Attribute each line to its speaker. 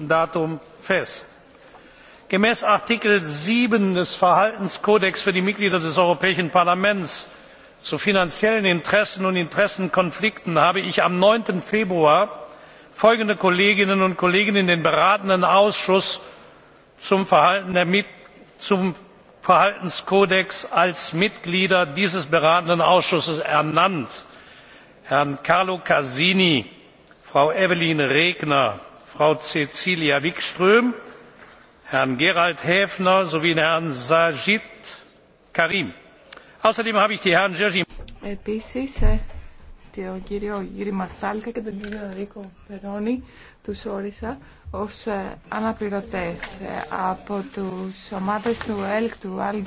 Speaker 1: datum fest. gemäß artikel sieben des verhaltenskodex für die mitglieder des europäischen parlaments zu finanziellen interessen und interessenkonflikten habe ich am. neun februar folgende kolleginnen und kollegen in den beratenden ausschuss zum verhaltenskodex als mitglieder dieses beratenden ausschusses ernannt herrn carlo casini frau eveline regner frau
Speaker 2: Επίσης, τον κύριο Γύρι Μαστάλκα και τον κύριο Ρίκο Περόνι τους όρισα ως ε, αναπληρωτές ε, από τους ομάδες του ΕΛΚ, του